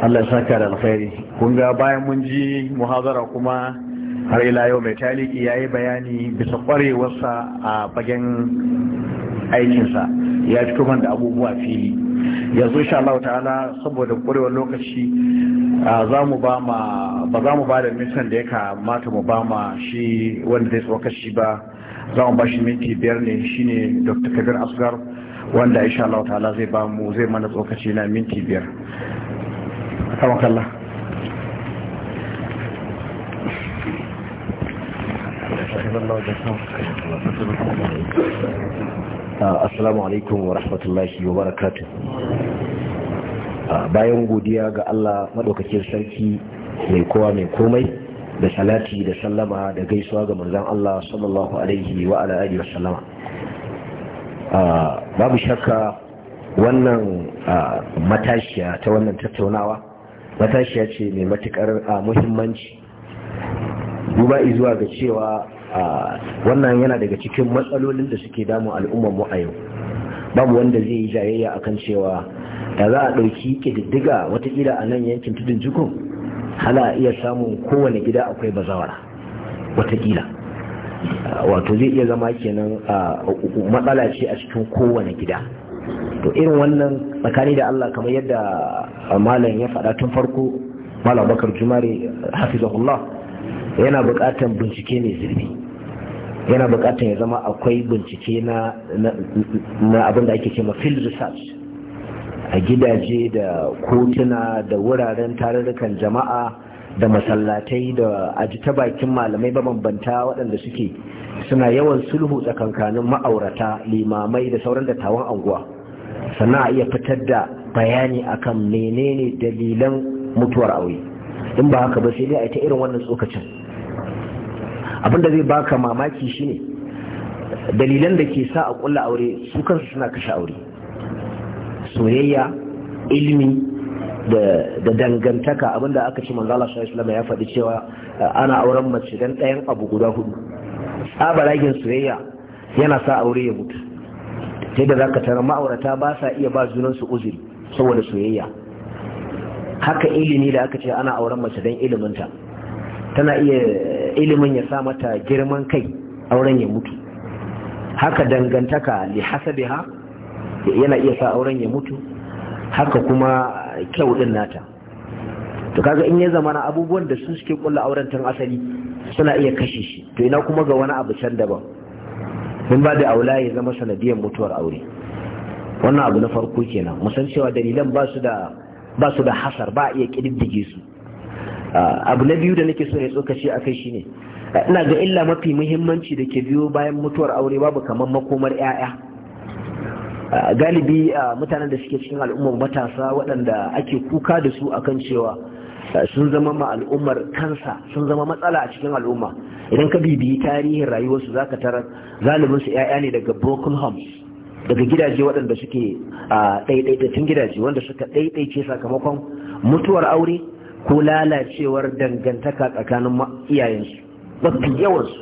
Allah ya saka da alkhairi kun ga bayan mun ji muhazara kuma har ila yau mai taliki yayi bayani bisa kwarewarsa a fagen aikinsa ya fito man da abubuwa fili yanzu insha Allah ta'ala saboda kwarewar lokaci za mu ba ma ba za mu ba da mintan da ya kamata mu ba ma shi wanda zai tsoka shi ba za mu ba shi minti biyar ne shine Dr. Kabir Asgar wanda insha Allah ta'ala zai ba mu zai mana tsokaci na minti biyar kama kalla ah, assalamu alaikum wa rahmatullahi wa barakatu ah, bayan godiya ga Allah maɗaukacin sarki mai kowa mai komai da salati da sallama da gaisuwa ga manzan Allah sallallahu alaihi wa ala alihi wa sallama ah, babu shakka wannan matashiya ta wannan tattaunawa matashiya ce mai matukar muhimmanci duba zuwa ga cewa wannan yana daga cikin matsalolin da suke damun al'ummar mu a yau babu wanda zai yi jayayya akan cewa da za a ɗauki ƙididdiga watakila a nan yankin tudun jikun hala iya samun kowane gida akwai bazawara watakila wato zai iya zama kenan matsala ce a cikin kowane gida to irin wannan tsakani da Allah kamar yadda malam ya faɗa tun farko malam bakar jumare hafizahullah yana buƙatar bincike mai zurfi yana buƙatar ya zama akwai bincike na abin da ake ce ma field research a gidaje da kotuna da wuraren tarurrukan jama'a da masallatai da aji ta bakin malamai mabambanta waɗanda suke suna yawan sulhu tsakankanin ma'aurata limamai da sauran dattawan anguwa sannan a iya fitar da bayani akan menene dalilan mutuwar aure in ba haka ba sai dai a ta irin wannan tsokacin abin da zai baka mamaki shine dalilan da ke sa a kulla aure su kansu suna kashe aure soyayya ilimi da dangantaka abin da aka ce manzala sallallahu ya faɗi cewa ana auren mace dan ɗayan abu guda hudu balagin soyayya yana sa aure ya mutu sai da ka tara ma'aurata ba sa iya ba junansu uzuri saboda soyayya haka ilimi da aka ce ana auren mace don iliminta tana iya ilimin ya sa mata girman kai auren ya mutu haka dangantaka li ha yana iya sa auren ya mutu haka kuma kyau din nata to kaga in ya zama na abubuwan da su suke kulla auren tun asali suna iya kashe shi to ina kuma ga wani abu can daban mun ba da aula ya zama sanadiyar mutuwar aure wannan abu na farko kenan musan cewa dalilan ba su da ba su da hasar ba iya kididdige su abu na biyu da nake so ne tsokaci a kai shine ina ga illa mafi muhimmanci da ke biyo bayan mutuwar aure babu kamar makomar 'ya'ya galibi mutanen da suke cikin al'ummar matasa waɗanda ake kuka da su akan cewa sun zama ma al'ummar kansa sun zama matsala a cikin al'umma idan ka bibiyi tarihin rayuwarsu zaka tarar zalibin su ne daga broken homes daga gidaje waɗanda suke a ɗaiɗaitattun gidaje wanda suka ɗaiɗaice sakamakon mutuwar aure ko lalacewar dangantaka tsakanin iyayensu mafi yawansu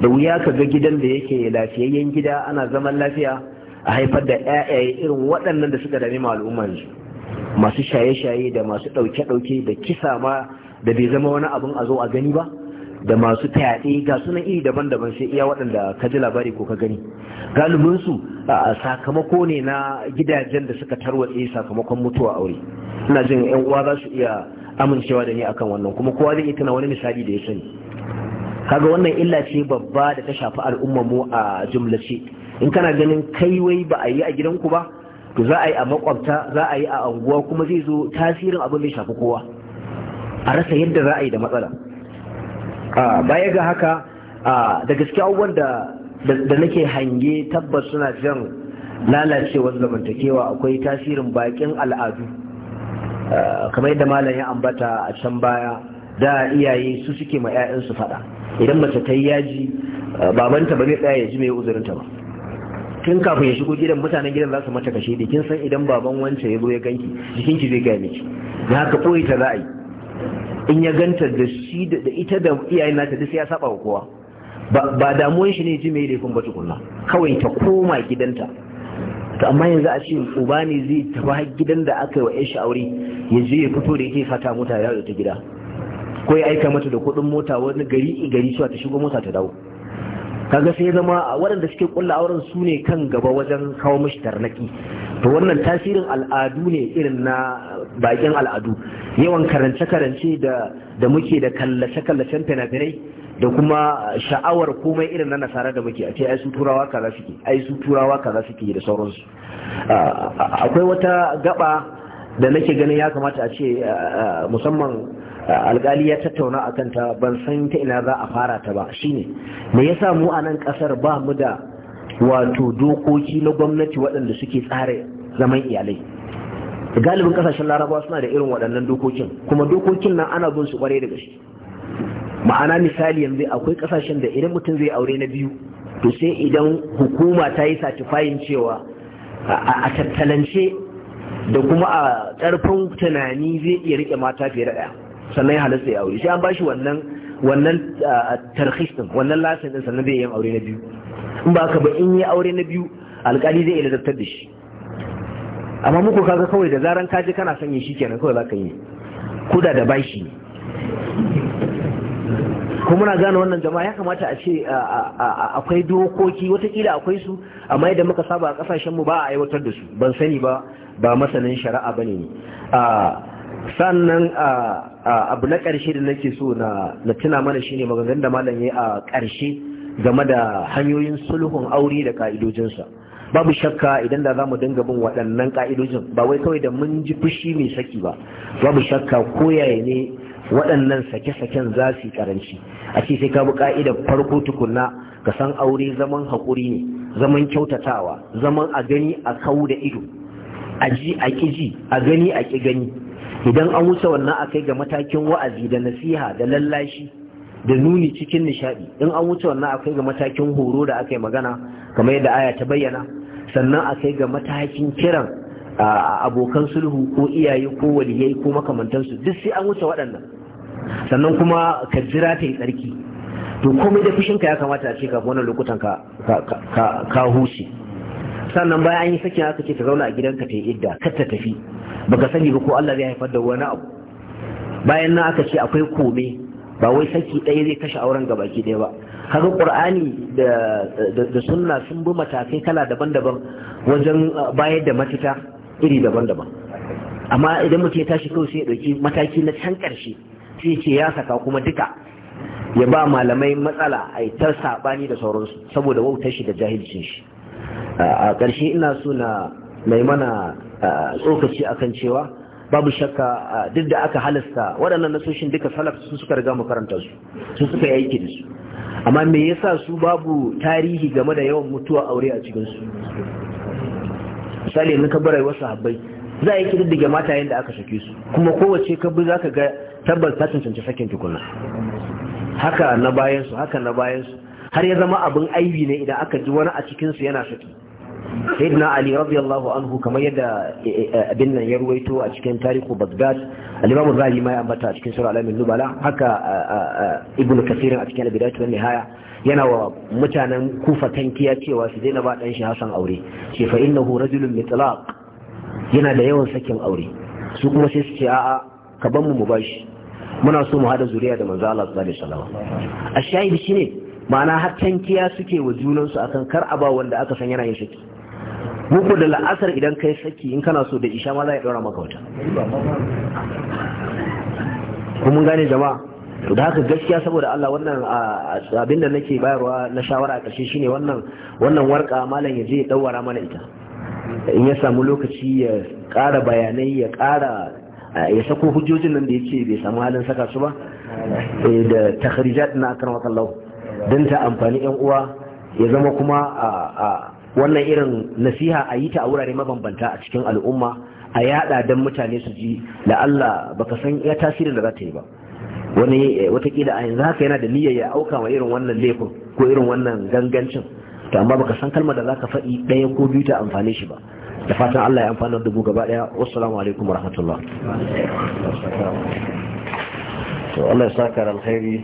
da wuya ka ga gidan da yake lafiyayyen gida ana zaman lafiya a haifar da 'ya'yaye irin waɗannan da suka dame al'umma yanzu masu shaye-shaye da masu ɗauke-ɗauke da kisa ma da bai zama wani abin a zo a gani ba da masu fyaɗe ga suna iri daban-daban sai iya waɗanda ka ji labari ko ka gani galibinsu sakamako ne na gidajen da suka tarwatse sakamakon mutuwa aure ina jin yan uwa za su iya amincewa da ni akan wannan kuma kowa zai tana wani misali da ya sani kaga wannan illa ce babba da ta shafi al'ummar mu a jumlace in kana ganin kai wai ba a yi a gidanku ba to za a yi a makwabta za a yi a anguwa kuma zai zo tasirin abin mai shafi kowa a rasa yadda za a yi da matsala baya ga haka da gaske abubuwan da nake hange tabbas suna jan lalacewar zamantakewa akwai tasirin bakin al'adu kamar yadda malam ya ambata a can baya da iyaye su suke ma 'ya'yansu fada idan mace ta yi yaji babanta ba zai tsaya ya ji mai uzurinta ba tun kafin ya shigo gidan mutanen gidan za su mata kashe da kin san idan baban wancan ya zo ya ganki jikinki zai gane ki da haka koyi ta za'a yi in ya ganta da shi da ita da iyayen nata da sai ya saba wa kowa ba damuwan shi ne ji mai laifin ba tukunna kawai ta koma gidanta to amma yanzu a ce uba ne zai tafi gidan da aka yi wa yan aure ya je ya fito da yake fata mota ya ta gida ko ya aika mata da kuɗin mota wani gari gari cewa ta shigo mota ta dawo kaga sai zama waɗanda suke ƙulla auren su ne kan gaba wajen kawo mashi tarnaki to wannan tasirin al'adu ne irin na bakin al'adu yawan karance-karance da muke da kallace-kallacen fina-finai da kuma sha'awar komai irin na nasara da muke a ce ai su turawa kaza suke ai su turawa kaza suke da sauransu akwai wata gaba da nake ganin ya kamata a ce musamman alkali ya tattauna a kanta ban san ta ina za a fara ta ba shine me yasa mu a nan kasar ba mu da wato dokoki na gwamnati waɗanda suke tsare zaman iyalai galibin ƙasashen larabawa suna da irin waɗannan dokokin kuma dokokin nan ana bin su kwarai da gaske ma'ana misali yanzu akwai kasashen da idan mutum zai aure na biyu to sai idan hukuma ta yi satifayin cewa a tattalance da kuma a ƙarfin tunani zai iya riƙe mata fiye da ɗaya sannan ya halasta ya aure sai an bashi wannan wannan tarhis din wannan lasin din sannan bai yin aure na biyu in ba ka ba in yi aure na biyu alƙali zai iya ladabtar da shi amma muku kaga kawai da zaran ka je kana sanya shi kenan kawai za ka yi kuda da bashi ko muna gane wannan jama'a ya kamata a ce akwai dokoki watakila akwai su amma yadda muka saba a kasashen mu ba a aiwatar da su ban sani ba ba masanin shari'a bane ne sannan abu na ƙarshe da nake so na tuna mana shine maganganun da malam ya a ƙarshe game da hanyoyin sulhun aure da ƙa'idojinsa babu shakka idan da za mu dinga bin waɗannan ƙa'idojin ba wai kawai da mun ji fushi mai saki ba babu shakka koyaye ne waɗannan sake-saken za su yi ƙaranci a ce sai ka bi ƙa'idar farko tukunna ka san aure zaman haƙuri ne zaman kyautatawa zaman a gani a kawo da ido a ji a ƙi ji a gani a ƙi gani idan an wuce wannan a kai ga matakin wa'azi da nasiha da lallashi da nuni cikin nishadi in an wuce wannan a kai ga matakin horo da aka yi magana kamar yadda aya ta bayyana sannan a kai ga matakin kiran abokan sulhu ko iyaye ko waliyai ko makamantansu duk sai an wuce waɗannan sannan kuma ka jira ta yi tsarki to komai da fushinka ya kamata a ce ka wani lokutan ka huce sannan bayan an yi sakin aka ce ta zauna a gidanka ta yi idda kar ta tafi baka sani ba ko Allah zai haifar da wani abu bayan nan aka ce akwai kome ba wai saki ɗaya zai kashe auren ga baki ɗaya ba kaga qur'ani da da sunna sun bi matakai kala daban-daban wajen uh, bayar da mafita iri daban-daban amma idan mutum ya tashi kawai sai ya ɗauki mataki na can ƙarshe sai ce ya saka kuma duka ya ba malamai matsala a ta saɓani da sauransu saboda wautar shi da jahilcin shi a ƙarshe ina so na mai mana tsokaci akan cewa babu shakka duk da aka halasta waɗannan nasoshin duka salaf su suka riga makaranta su su suka yi aiki da su amma me yasa su babu tarihi game da yawan mutuwa aure a cikin su misali ka bar wasu habbai za a yi kididdige mata da aka sake su kuma kowace kabi za ka ga tabbas ta cancanci sakin tukuna haka na bayan su haka na bayan su har ya zama abin aibi ne idan aka ji wani a cikin su yana saki sayyidina ali radiyallahu anhu kamar yadda eh, eh, eh, abin nan ya ruwaito a cikin tarihu bagdad al-imam zahabi ma ya ambata a cikin sura al nubala haka ibn kasir a cikin al-bidayah wa nihaya yana wa mutanen kufa tankiya cewa su daina ba dan shi hasan aure ce fa innahu rajulun mitlaq yana da yawan sakin aure su kuma sai su ce a'a ka ban mu mu bashi muna so mu hada zuriya da manzo Allah sallallahu alaihi wasallam shine ma'ana har tankiya suke wa junansu akan kar a ba wanda aka san yana yin shaki muku da la'asar idan kai saki in kana so da isha ma za a ɗora maka wata kuma gane jama'a da haka gaskiya saboda Allah wannan abin da nake bayarwa na shawara a ƙarshe shine wannan wannan warka malam ya je ya dawara mana ita in ya samu lokaci ya ƙara bayanai ya ƙara ya sako hujjojin nan da yake bai samu halin saka su ba eh, da takharijat na akan dan don ta amfani yan uwa ya zama kuma a wannan irin nasiha a yi ta a wurare mabambanta a cikin al'umma a yada don mutane su ji da ba baka san ya tasirin da za ta yi ba wani eh, watakila a yanzu haka yana da niyyar ya auka wa irin wannan laifin ko irin wannan gangancin to amma baka san kalmar da zaka faɗi ɗaya ko biyu ta amfane shi ba da fatan Allah ya amfana da mu gaba ɗaya wassalamu alaikum wa rahmatullah to Allah ya saka alkhairi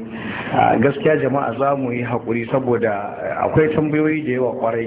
gaskiya jama'a za mu yi hakuri saboda akwai tambayoyi da yawa kwarai